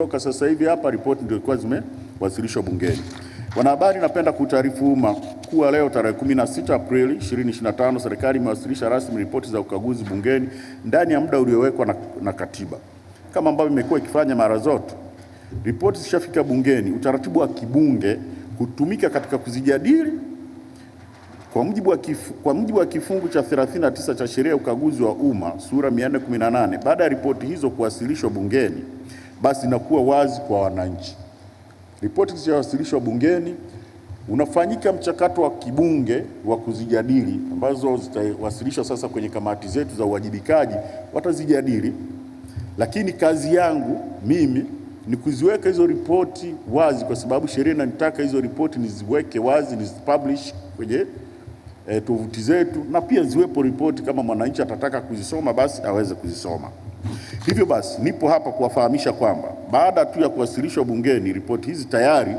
Toka sasa hivi hapa ripoti ndio ilikuwa zimewasilishwa bungeni. Wanahabari, napenda kutaarifu umma kuwa leo tarehe 16 Aprili 2025 serikali imewasilisha rasmi ripoti za ukaguzi bungeni ndani ya muda uliowekwa na, na katiba kama ambavyo imekuwa ikifanya mara zote. Ripoti zishafika bungeni, utaratibu wa kibunge hutumika katika kuzijadili kwa mujibu wa kifu, kwa mujibu wa kifungu cha 39 cha sheria ya ukaguzi wa umma sura 418 baada ya ripoti hizo kuwasilishwa bungeni basi inakuwa wazi kwa wananchi. Ripoti zilizowasilishwa bungeni, unafanyika mchakato wa kibunge wa kuzijadili, ambazo zitawasilishwa sasa kwenye kamati zetu za uwajibikaji, watazijadili. Lakini kazi yangu mimi ni kuziweka hizo ripoti wazi, kwa sababu sheria inanitaka hizo ripoti niziweke wazi, nizipublish kwenye e, tovuti zetu, na pia ziwepo ripoti, kama mwananchi atataka kuzisoma basi aweze kuzisoma. Hivyo basi nipo hapa kuwafahamisha kwamba baada tu ya kuwasilishwa bungeni, ripoti hizi tayari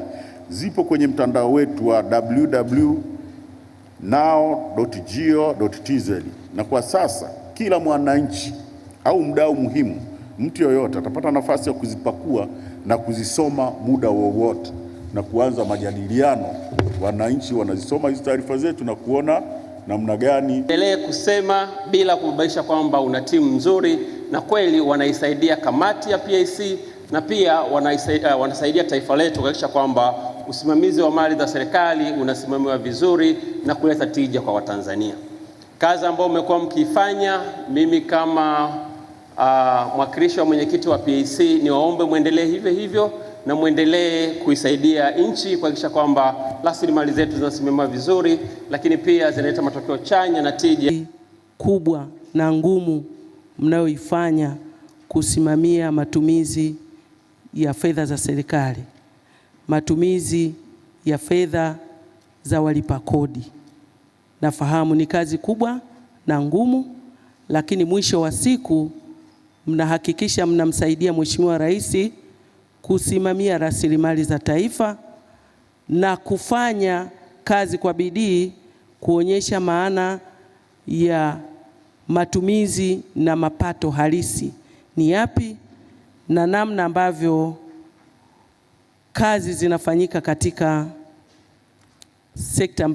zipo kwenye mtandao wetu wa www.nao.go.tz na kwa sasa kila mwananchi au mdau muhimu, mtu yoyote atapata nafasi ya kuzipakua na kuzisoma muda wowote na kuanza majadiliano. Wananchi wanazisoma hizi taarifa zetu na kuona namna gani. Endelee kusema bila kubabaisha kwamba una timu nzuri na kweli wanaisaidia kamati ya PAC na pia wanaisaidia, eh, wanasaidia taifa letu kuhakikisha kwamba usimamizi wa mali za serikali unasimamiwa vizuri na kuleta tija kwa Watanzania. Kazi ambayo umekuwa mkiifanya, mimi kama uh, mwakilishi wa mwenyekiti wa PAC niwaombe mwendelee hivyo hivyo na mwendelee kuisaidia nchi kuhakikisha kwamba rasilimali zetu zinasimamiwa vizuri, lakini pia zinaleta matokeo chanya na tija kubwa na ngumu mnayoifanya kusimamia matumizi ya fedha za serikali, matumizi ya fedha za walipa kodi. Nafahamu ni kazi kubwa na ngumu, lakini mwisho wa siku mnahakikisha mnamsaidia Mheshimiwa Rais kusimamia rasilimali za taifa na kufanya kazi kwa bidii kuonyesha maana ya matumizi na mapato halisi ni yapi na namna ambavyo kazi zinafanyika katika sekta